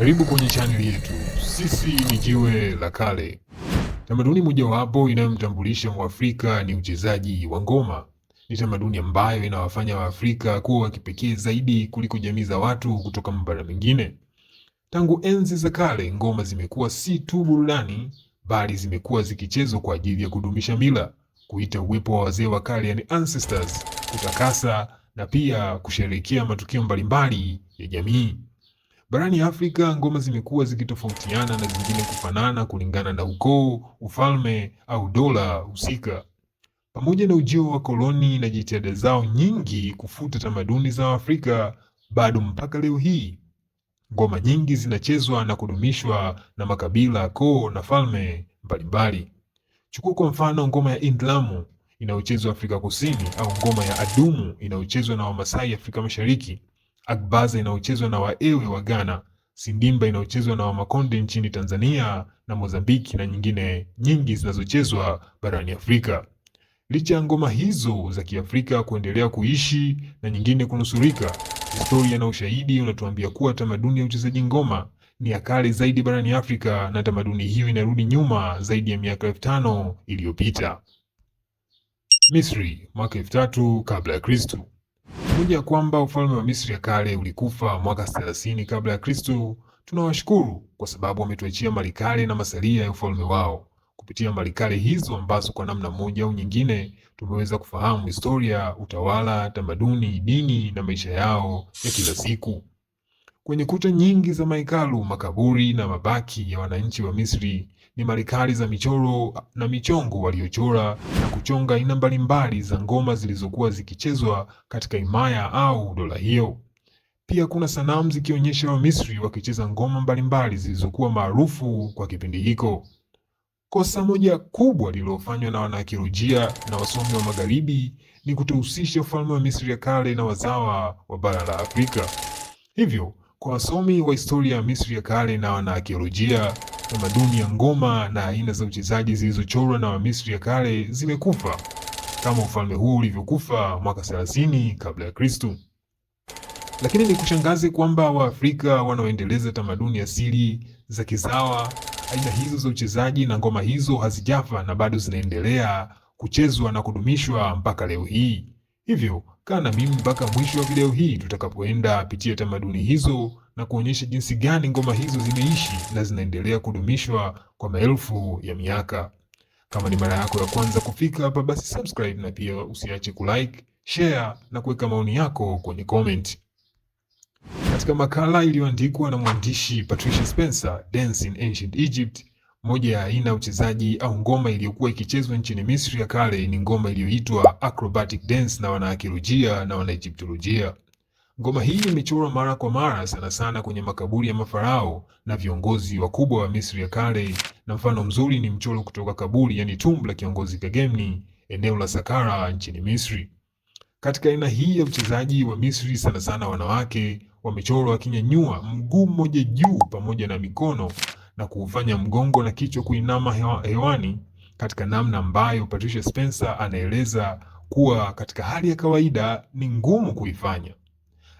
Karibu kwenye chaneli yetu. Sisi ni Jiwe la Kale. Tamaduni mojawapo inayomtambulisha Mwafrika ni uchezaji wa ngoma. Ni tamaduni ambayo inawafanya Waafrika kuwa wa kipekee zaidi kuliko jamii za watu kutoka mabara mengine. Tangu enzi za kale, ngoma zimekuwa si tu burudani, bali zimekuwa zikichezwa kwa ajili ya kudumisha mila, kuita uwepo wa wazee wa kale, yani ancestors, kutakasa na pia kusherehekea matukio mbalimbali ya jamii. Barani Afrika ngoma zimekuwa zikitofautiana na zingine kufanana kulingana na ukoo, ufalme au dola husika. Pamoja na ujio wa koloni na jitihada zao nyingi kufuta tamaduni za Afrika, bado mpaka leo hii ngoma nyingi zinachezwa na kudumishwa na makabila, koo na falme mbalimbali. Chukua kwa mfano ngoma ya Indlamu inayochezwa Afrika Kusini au ngoma ya Adumu inayochezwa na Wamasai Afrika Mashariki. Agbaza inayochezwa na Waewe wa Ghana, Sindimba inayochezwa na Wamakonde nchini Tanzania na Mozambiki na nyingine nyingi zinazochezwa barani Afrika. Licha ya ngoma hizo za Kiafrika kuendelea kuishi na nyingine kunusurika, historia na ushahidi unatuambia kuwa tamaduni ya uchezaji ngoma ni ya kale zaidi barani Afrika na tamaduni hiyo inarudi nyuma zaidi ya miaka elfu tano iliyopita. Misri, mwaka elfu tatu kabla ya Kristo pamoja ya kwamba ufalme wa Misri ya kale ulikufa mwaka 30 kabla ya Kristo. Tunawashukuru kwa sababu wametuachia kale na masalia ya ufalme wao. Kupitia kale hizo ambazo kwa namna moja au nyingine tumeweza kufahamu historia, utawala, tamaduni, dini na maisha yao ya kila siku. Kwenye kuta nyingi za mahekalu, makaburi na mabaki ya wananchi wa Misri ni marikali za michoro na michongo waliochora na kuchonga aina mbalimbali za ngoma zilizokuwa zikichezwa katika himaya au dola hiyo. Pia kuna sanamu zikionyesha Wamisri wakicheza ngoma mbalimbali zilizokuwa maarufu kwa kipindi hiko. Kosa moja kubwa lililofanywa na wanaakiolojia na wasomi wa Magharibi ni kutohusisha ufalme wa Misri ya kale na wazawa wa bara la Afrika. Hivyo, kwa wasomi wa historia ya Misri ya kale na wanaakiolojia, Tamaduni ya ngoma na aina za uchezaji zilizochorwa na Wamisri ya kale zimekufa kama ufalme huu ulivyokufa mwaka 30 kabla ya Kristo. Lakini ni kushangaze kwamba Waafrika wanaoendeleza tamaduni asili za kizawa, aina hizo za uchezaji na ngoma hizo hazijafa na bado zinaendelea kuchezwa na kudumishwa mpaka leo hii. Hivyo kaa na mimi mpaka mwisho wa video hii tutakapoenda pitia tamaduni hizo na kuonyesha jinsi gani ngoma hizo zimeishi na zinaendelea kudumishwa kwa maelfu ya miaka. Kama ni mara yako ya kwanza kufika hapa, basi subscribe na pia usiache kulike, share na kuweka maoni yako kwenye comment. Katika makala iliyoandikwa na mwandishi Patricia Spencer, Dance in Ancient Egypt moja ya aina ya uchezaji au ngoma iliyokuwa ikichezwa nchini Misri ya kale ni ngoma iliyoitwa acrobatic dance na wanaakiolojia na wanaegyptolojia. Ngoma hii imechorwa mara kwa mara, sana sana kwenye makaburi ya mafarao na viongozi wakubwa wa Misri ya kale, na mfano mzuri ni mchoro kutoka kaburi, yani tumbo la kiongozi Kagemni, eneo la Sakara nchini Misri. Katika aina hii ya uchezaji wa Misri, sana sana wanawake wamechorwa wakinyanyua mguu mmoja juu pamoja na mikono na kuufanya mgongo na kichwa kuinama hewani katika namna ambayo Patricia Spencer anaeleza kuwa katika hali ya kawaida ni ngumu kuifanya.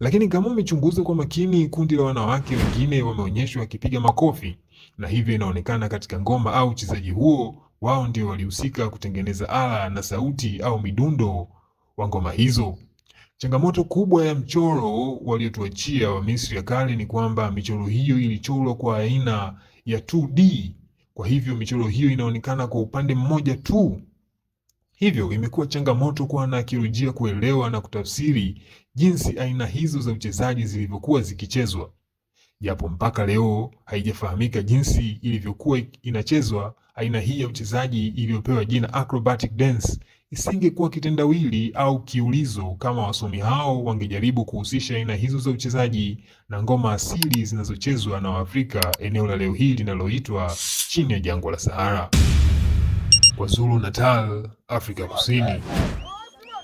Lakini kama umechunguza kwa makini, kundi la wanawake wengine wameonyeshwa wakipiga makofi, na hivyo inaonekana katika ngoma au uchezaji huo wao ndio walihusika kutengeneza ala na sauti au midundo wa ngoma hizo. Changamoto kubwa ya mchoro waliotuachia wa Misri ya kale ni kwamba michoro hiyo ilichorwa kwa aina ya 2D. Kwa hivyo michoro hiyo inaonekana kwa upande mmoja tu, hivyo imekuwa changamoto kwa wanaakiolojia kuelewa na kutafsiri jinsi aina hizo za uchezaji zilivyokuwa zikichezwa, japo mpaka leo haijafahamika jinsi ilivyokuwa inachezwa aina hii ya uchezaji iliyopewa jina acrobatic dance isingekuwa kitendawili au kiulizo kama wasomi hao wangejaribu kuhusisha aina hizo za uchezaji na ngoma asili zinazochezwa na Waafrika eneo la leo hii linaloitwa chini ya jangwa la Sahara, KwaZulu Natal, Afrika Kusini.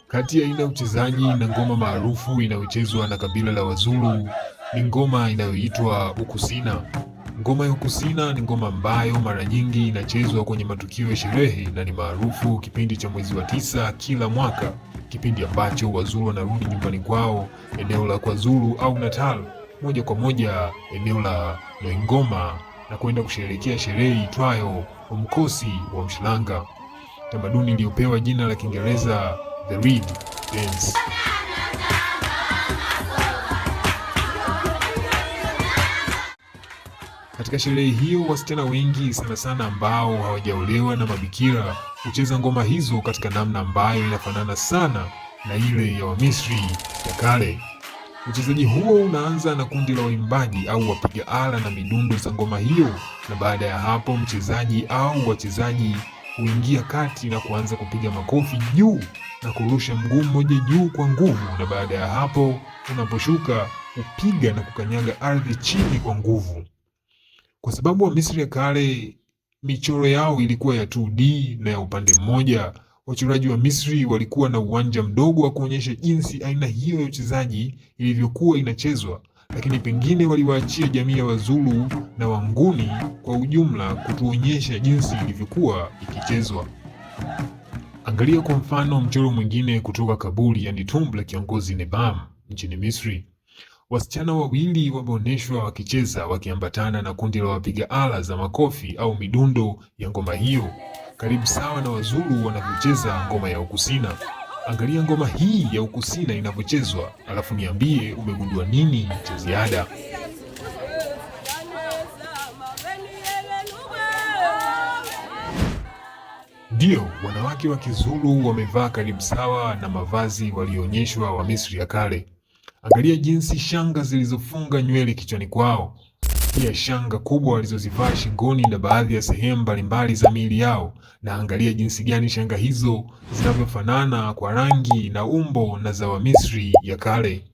Kati ya aina ya uchezaji na ngoma maarufu inayochezwa na kabila la Wazulu ni ngoma inayoitwa ukusina. Ngoma ya Hukusina ni ngoma ambayo mara nyingi inachezwa kwenye matukio ya sherehe na ni maarufu kipindi cha mwezi wa tisa kila mwaka, kipindi ambacho Wazulu wanarudi nyumbani kwao eneo la KwaZulu au Natal, moja kwa moja eneo la Noingoma na kwenda kusherehekea sherehe itwayo Umkosi wa Mshilanga, tamaduni iliyopewa jina la Kiingereza the Reed Dance. Katika sherehe hiyo, wasichana wengi sana sana ambao hawajaolewa na mabikira hucheza ngoma hizo katika namna ambayo inafanana sana na ile ya Wamisri ya kale. Uchezaji huo unaanza na kundi la waimbaji au wapiga ala na midundo za ngoma hiyo, na baada ya hapo mchezaji au wachezaji huingia kati na kuanza kupiga makofi juu na kurusha mguu mmoja juu kwa nguvu, na baada ya hapo unaposhuka hupiga na kukanyaga ardhi chini kwa nguvu kwa sababu Wamisri ya kale michoro yao ilikuwa ya 2D na ya upande mmoja. Wachoraji wa Misri walikuwa na uwanja mdogo wa kuonyesha jinsi aina hiyo ya uchezaji ilivyokuwa inachezwa, lakini pengine waliwaachia jamii ya Wazulu na Wanguni kwa ujumla kutuonyesha jinsi ilivyokuwa ikichezwa. Angalia kwa mfano mchoro mwingine kutoka kaburi, yani tumbo la kiongozi Nebam nchini Misri. Wasichana wawili wameonyeshwa wakicheza wakiambatana na kundi la wapiga ala za makofi au midundo ya ngoma hiyo, karibu sawa na Wazulu wanavyocheza ngoma ya ukusina. Angalia ngoma hii ya ukusina inavyochezwa, alafu niambie umegundua nini cha ziada. Ndiyo, wanawake wa Kizulu wamevaa karibu sawa na mavazi walioonyeshwa wa Misri ya kale. Angalia jinsi shanga zilizofunga nywele kichwani kwao, pia shanga kubwa walizozivaa shingoni na baadhi ya sehemu mbalimbali za miili yao, na angalia jinsi gani shanga hizo zinavyofanana kwa rangi na umbo na za Wamisri ya kale.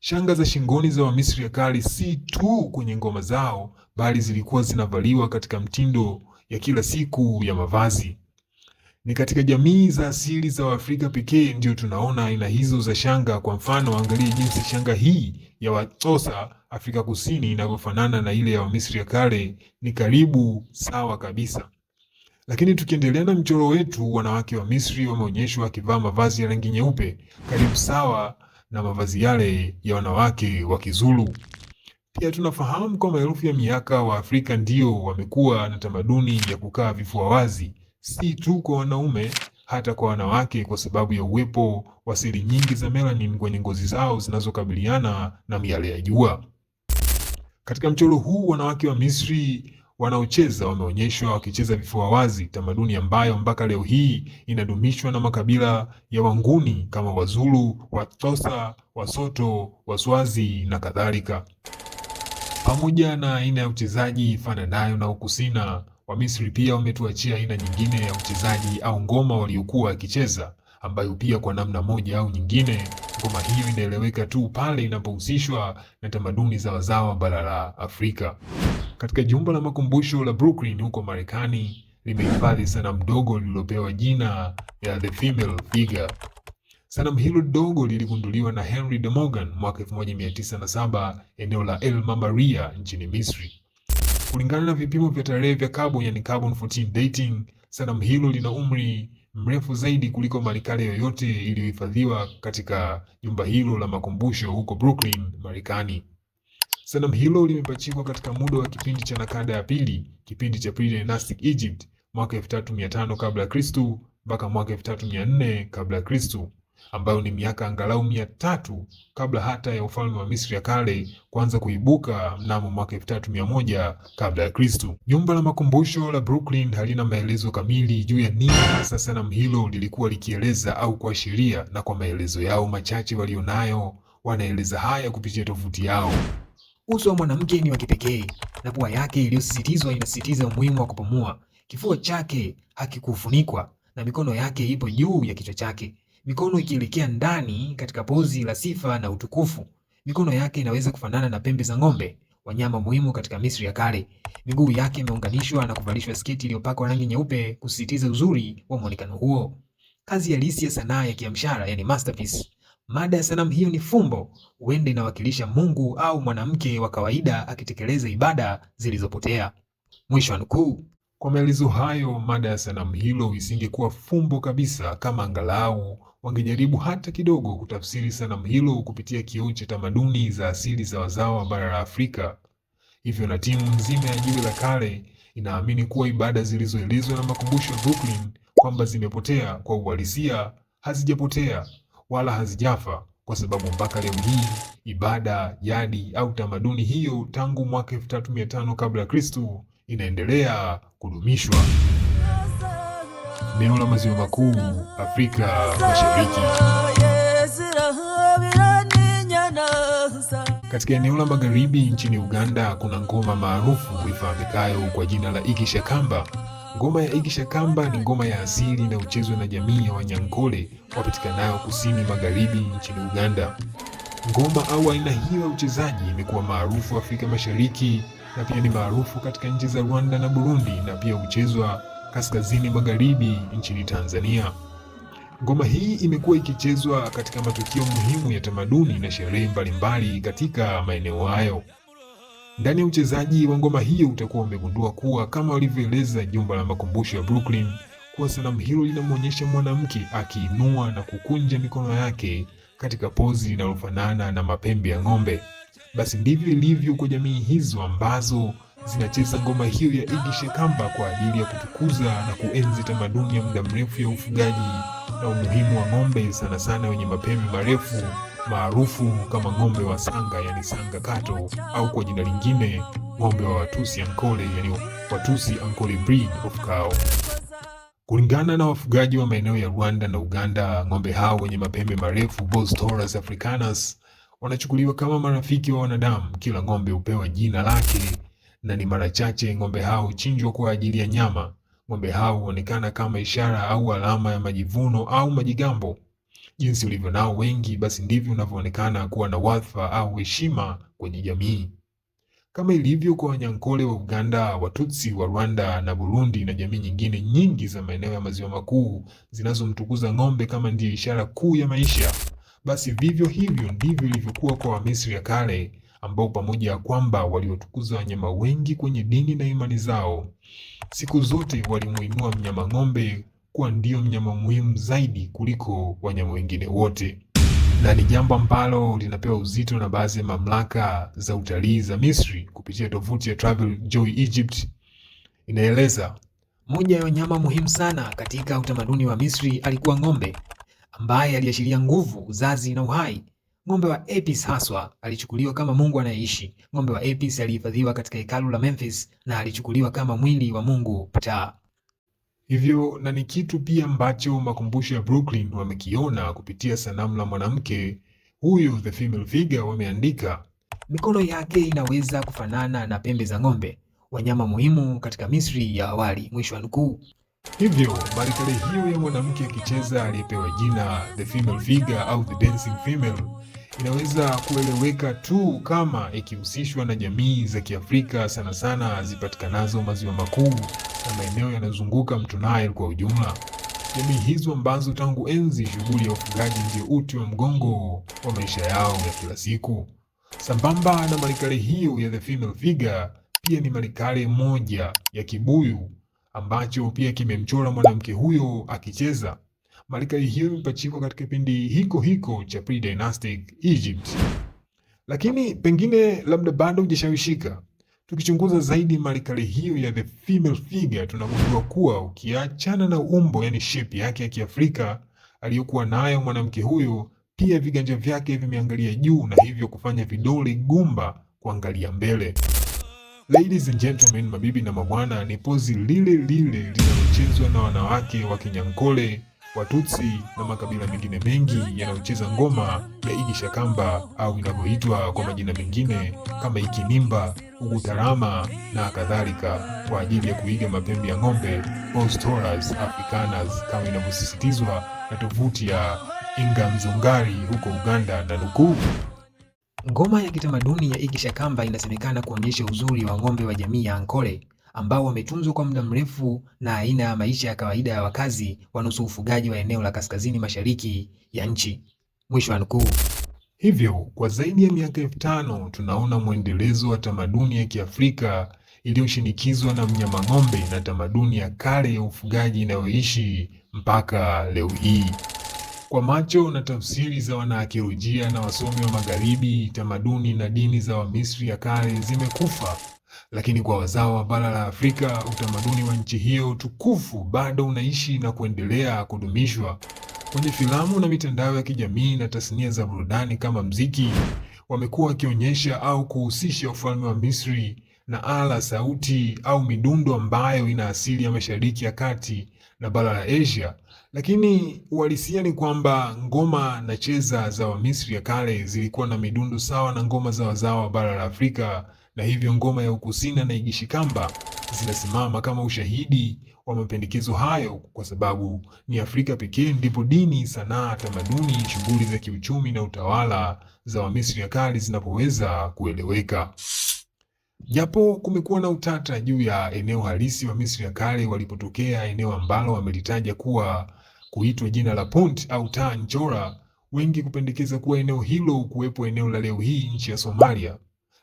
Shanga za shingoni za Wamisri ya kale si tu kwenye ngoma zao, bali zilikuwa zinavaliwa katika mtindo ya kila siku ya mavazi. Ni katika jamii za asili za Waafrika pekee ndio tunaona aina hizo za shanga. Kwa mfano, angalie jinsi shanga hii ya Watosa Afrika Kusini inavyofanana na ile ya Wamisri ya kale, ni karibu sawa kabisa. Lakini tukiendelea na mchoro wetu, wanawake wa Misri wameonyeshwa wakivaa mavazi ya rangi nyeupe, karibu sawa na mavazi yale ya wanawake wa Kizulu. Pia tunafahamu kwa maelfu ya miaka Waafrika ndio wamekuwa na tamaduni ya kukaa vifua wazi si tu kwa wanaume, hata kwa wanawake, kwa sababu ya uwepo wa seli nyingi za melanin kwenye ngozi zao zinazokabiliana na miale ya jua. Katika mchoro huu, wanawake wa Misri wanaocheza wameonyeshwa wakicheza vifua wazi, tamaduni ambayo mpaka leo hii inadumishwa na makabila ya wanguni kama Wazulu, Watosa, Wasoto, Waswazi na kadhalika. Pamoja na aina ya uchezaji fananayo na ukusina, Wamisri pia wametuachia aina nyingine ya uchezaji au ngoma waliokuwa wakicheza, ambayo pia kwa namna moja au nyingine ngoma hiyo inaeleweka tu pale inapohusishwa na tamaduni za wazao wa bara la Afrika. Katika jumba la makumbusho la Brooklyn huko Marekani limehifadhi sanamu dogo lililopewa jina ya The Female Figure. Sanamu hilo dogo liligunduliwa na Henry de Morgan mwaka 1907 eneo la El Mamaria nchini Misri. Kulingana na vipimo vya tarehe vya carbon yani carbon 14 dating, sanamu hilo lina umri mrefu zaidi kuliko malikale yoyote iliyohifadhiwa katika nyumba hilo la makumbusho huko Brooklyn, Marekani. Sanamu hilo limepachikwa katika muda wa kipindi cha nakada ya pili, kipindi cha pre-dynastic Egypt, mwaka 3500 kabla ya Kristo mpaka mwaka 3400 kabla ya Kristo ambayo ni miaka angalau mia tatu kabla hata ya ufalme wa Misri ya kale kuanza kuibuka mnamo mwaka elfu tatu mia moja kabla ya Kristo. Jumba la makumbusho la Brooklyn halina maelezo kamili juu ya nini hasa sanamu hilo lilikuwa likieleza au kuashiria, na kwa maelezo yao machache walionayo wanaeleza haya kupitia tovuti yao. Uso wa mwanamke ni wa kipekee na pua yake iliyosisitizwa inasisitiza umuhimu wa kupumua. Kifua chake hakikufunikwa na mikono yake ipo juu ya kichwa chake mikono ikielekea ndani katika pozi la sifa na utukufu. Mikono yake inaweza kufanana na pembe za ng'ombe, wanyama muhimu katika Misri ya kale. Miguu yake imeunganishwa na kuvalishwa sketi iliyopakwa rangi nyeupe kusisitiza uzuri wa muonekano huo. Kazi halisi ya sanaa ya kiamshara, yani masterpiece. Mada ya sanamu hiyo ni fumbo, huenda inawakilisha Mungu au mwanamke wa kawaida akitekeleza ibada zilizopotea. Mwisho wa nukuu. Kwa maelezo hayo, mada ya sanamu hilo isingekuwa fumbo kabisa kama angalau wangejaribu hata kidogo kutafsiri sanamu hilo kupitia kioo cha tamaduni za asili za wazao wa bara la Afrika. Hivyo na timu nzima ya Jiwe la Kale inaamini kuwa ibada zilizoelezwa na makumbusho Brooklyn kwamba zimepotea kwa uhalisia hazijapotea wala hazijafa, kwa sababu mpaka leo hii ibada, jadi au tamaduni hiyo tangu mwaka 3500 kabla ya Kristo inaendelea kudumishwa eneo la maziwa makuu Afrika Mashariki. Katika eneo la magharibi nchini Uganda kuna ngoma maarufu ifahamikayo kwa jina la ikishakamba Ngoma ya ikishakamba ni ngoma ya asili inayochezwa na jamii ya Wanyankole wapatikanayo kusini magharibi nchini Uganda. Ngoma au aina hiyo ya uchezaji imekuwa maarufu Afrika Mashariki na pia ni maarufu katika nchi za Rwanda na Burundi na pia huchezwa kaskazini magharibi nchini Tanzania. Ngoma hii imekuwa ikichezwa katika matukio muhimu ya tamaduni na sherehe mbalimbali katika maeneo hayo. Ndani ya uchezaji wa ngoma hiyo utakuwa umegundua kuwa kama walivyoeleza jumba la makumbusho ya Brooklyn kuwa sanamu hilo linamwonyesha mwanamke akiinua na kukunja mikono yake katika pozi linalofanana na mapembe ya ng'ombe. Basi ndivyo ilivyo kwa jamii hizo ambazo zinacheza ngoma hiyo ya Idi Shekamba kwa ajili ya kutukuza na kuenzi tamaduni ya muda mrefu ya ufugaji na umuhimu wa ng'ombe sana sana wenye mapembe marefu maarufu kama ng'ombe wa sanga, yani sanga kato, au kwa jina lingine ng'ombe wa Watusi Ankole, yani Watusi Ankole breed of cow. Kulingana na wafugaji wa maeneo ya Rwanda na Uganda, ng'ombe hao wenye mapembe marefu Bos Taurus africanus wanachukuliwa kama marafiki wa wanadamu. Kila ng'ombe hupewa jina lake na ni mara chache ng'ombe hao huchinjwa kwa ajili ya nyama. Ng'ombe hao huonekana kama ishara au alama ya majivuno au majigambo. Jinsi ulivyo nao wengi, basi ndivyo unavyoonekana kuwa na wadhifa au heshima kwenye jamii. Kama ilivyo kwa Wanyankole wa Uganda, Watutsi wa Rwanda na Burundi na jamii nyingine nyingi za maeneo ya maziwa makuu zinazomtukuza ng'ombe kama ndiyo ishara kuu ya maisha, basi vivyo hivyo ndivyo ilivyokuwa kwa Wamisri ya kale ambao pamoja ya kwamba waliotukuza wanyama wengi kwenye dini na imani zao, siku zote walimuinua mnyama ng'ombe kuwa ndiyo mnyama muhimu zaidi kuliko wanyama wengine wote, na ni jambo ambalo linapewa uzito na baadhi ya mamlaka za utalii za Misri kupitia tovuti ya Travel Joy Egypt. Inaeleza moja ya wanyama muhimu sana katika utamaduni wa Misri alikuwa ng'ombe, ambaye aliashiria nguvu, uzazi na uhai, Ng'ombe wa Apis haswa alichukuliwa kama Mungu anayeishi. Ng'ombe wa Apis alihifadhiwa katika hekalu la Memphis na alichukuliwa kama mwili wa Mungu Ptah. Hivyo na ni kitu pia ambacho makumbusho ya Brooklyn wamekiona kupitia sanamu la mwanamke huyo the female figure wameandika, mikono yake inaweza kufanana na pembe za ng'ombe, wanyama muhimu katika Misri ya awali. Mwisho wa nukuu. Hivyo barikale hiyo ya mwanamke akicheza aliyepewa jina the female figure au the dancing female inaweza kueleweka tu kama ikihusishwa na jamii za Kiafrika sana sana zipatikanazo maziwa makuu na maeneo yanayozunguka mto Nile kwa ujumla. Jamii hizo ambazo tangu enzi shughuli ya ufugaji ndio uti wa mgongo wa maisha yao ya kila siku. Sambamba na malikale hiyo ya the female figure, pia ni malikale moja ya kibuyu ambacho pia kimemchora mwanamke huyo akicheza malika hiyo imepachikwa katika kipindi hiko hiko cha pre-dynastic Egypt, lakini pengine labda bado hujashawishika. Tukichunguza zaidi malikali hiyo ya the female figure, tunagundua kuwa ukiachana na umbo, yani shape yake ya Kiafrika aliyokuwa nayo mwanamke huyo, pia viganja vyake vimeangalia juu na hivyo kufanya vidole gumba kuangalia mbele. Ladies and gentlemen, mabibi na mabwana, ni pozi lile lile linalochezwa na wanawake wa Kinyankole Watutsi na makabila mengine mengi yanayocheza ngoma ya Igishakamba au inavyoitwa kwa majina mengine kama Ikinimba, Ugutarama na kadhalika, kwa ajili ya kuiga mapembe ya ng'ombe Postoras Africanas, kama inavyosisitizwa na tovuti ya Inganzongari huko Uganda na nukuu Ngoma ya kitamaduni ya Igishakamba inasemekana kuonyesha uzuri wa ng'ombe wa jamii ya Ankole ambao wametunzwa kwa muda mrefu na aina ya maisha ya kawaida ya wakazi wanusu ufugaji wa eneo la kaskazini mashariki ya nchi. Mwisho wa nukuu. Hivyo kwa zaidi ya miaka elfu tano tunaona mwendelezo wa tamaduni ya Kiafrika iliyoshinikizwa na mnyama ng'ombe na tamaduni ya kale ya ufugaji inayoishi mpaka leo hii. Kwa macho na tafsiri za wanaakiolojia na wasomi wa Magharibi, tamaduni na dini za Wamisri ya kale zimekufa lakini kwa wazao wa bara la Afrika, utamaduni wa nchi hiyo tukufu bado unaishi na kuendelea kudumishwa kwenye filamu na mitandao ya kijamii na tasnia za burudani kama mziki. Wamekuwa wakionyesha au kuhusisha ufalme wa Misri na ala, sauti au midundo ambayo ina asili ya Mashariki ya Kati na bara la Asia, lakini uhalisia ni kwamba ngoma na cheza za Wamisri ya kale zilikuwa na midundo sawa na ngoma za wazao wa bara la Afrika na hivyo ngoma ya Ukusina na Igishikamba zinasimama kama ushahidi wa mapendekezo hayo, kwa sababu ni Afrika pekee ndipo dini, sanaa, tamaduni, shughuli za kiuchumi na utawala za Wamisri ya kale zinapoweza kueleweka. Japo kumekuwa na utata juu ya eneo halisi Wamisri ya kale walipotokea, eneo ambalo wamelitaja kuwa kuitwa jina la punt au Tanjora, wengi kupendekeza kuwa eneo hilo kuwepo eneo la leo hii nchi ya Somalia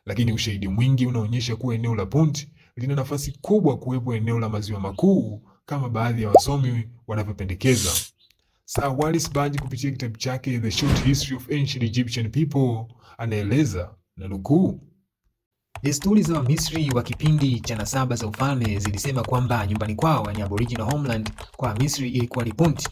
lakini ushahidi mwingi unaonyesha kuwa eneo la Punt lina nafasi kubwa kuwepo eneo la maziwa makuu kama baadhi ya wasomi wanavyopendekeza. Sir Budge kupitia kitabu chake The Short History of Ancient Egyptian People anaeleza na nukuu, desturi za Wamisri wa kipindi cha nasaba za ufalme zilisema kwamba nyumbani kwao, yani aboriginal homeland, kwa Misri ilikuwa ni Punt,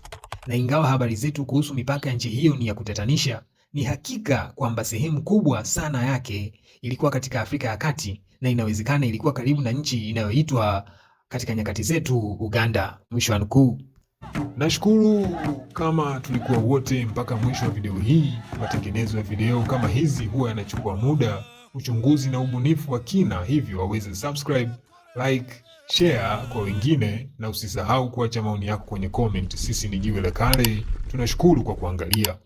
na ingawa habari zetu kuhusu mipaka ya nchi hiyo ni ya kutatanisha ni hakika kwamba sehemu kubwa sana yake ilikuwa katika Afrika ya Kati na inawezekana ilikuwa karibu na nchi inayoitwa katika nyakati zetu Uganda. Mwisho wa nukuu. Nashukuru kama tulikuwa wote mpaka mwisho wa video hii. Matengenezo ya video kama hizi huwa yanachukua muda, uchunguzi na ubunifu wa kina, hivyo waweze subscribe, like, share kwa wengine na usisahau kuacha maoni yako kwenye comment. Sisi ni Jiwe la Kale, tunashukuru kwa kuangalia.